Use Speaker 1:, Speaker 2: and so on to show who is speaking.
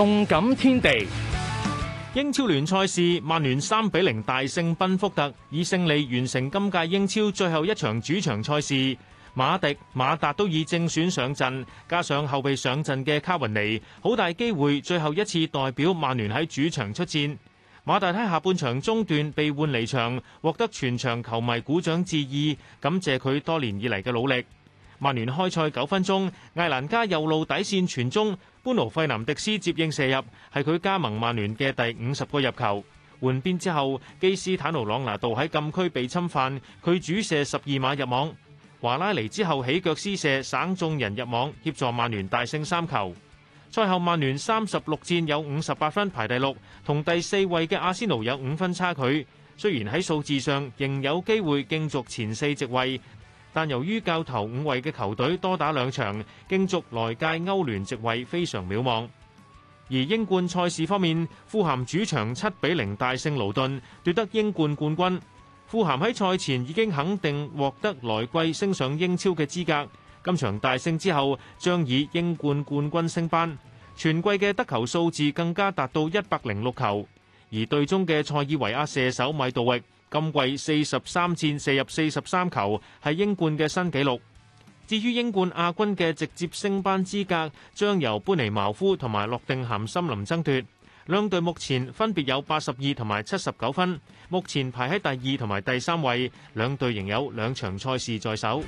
Speaker 1: 動感天地，英超聯賽事，曼聯三比零大勝賓福特，以勝利完成今屆英超最後一場主場賽事。馬迪、馬達都已正選上陣，加上後備上陣嘅卡雲尼，好大機會最後一次代表曼聯喺主場出戰。馬達喺下半場中段被換離場，獲得全場球迷鼓掌致意，感謝佢多年以嚟嘅努力。曼聯開賽九分鐘，艾蘭加右路底線傳中，般奴費南迪斯接應射入，係佢加盟曼聯嘅第五十個入球。換邊之後，基斯坦奴朗拿度喺禁區被侵犯，佢主射十二碼入網。華拉尼之後起腳施射，省眾人入網，協助曼聯大勝三球。賽後，曼聯三十六戰有五十八分排第六，同第四位嘅阿仙奴有五分差距。雖然喺數字上仍有機會競逐前四席位。但由於教頭五位嘅球隊多打兩場，競逐來屆歐聯席位非常渺茫。而英冠賽事方面，富咸主場七比零大勝盧頓，奪得英冠冠軍。富咸喺賽前已經肯定獲得來季升上英超嘅資格，今場大勝之後，將以英冠冠軍升班，全季嘅得球數字更加達到一百零六球。而隊中嘅塞爾維亞射手米杜域今季四十三戰射入四十三球，係英冠嘅新紀錄。至於英冠亞軍嘅直接升班資格，將由般尼茅夫同埋諾定咸森林爭奪。兩隊目前分別有八十二同埋七十九分，目前排喺第二同埋第三位。兩隊仍有兩場賽事在手。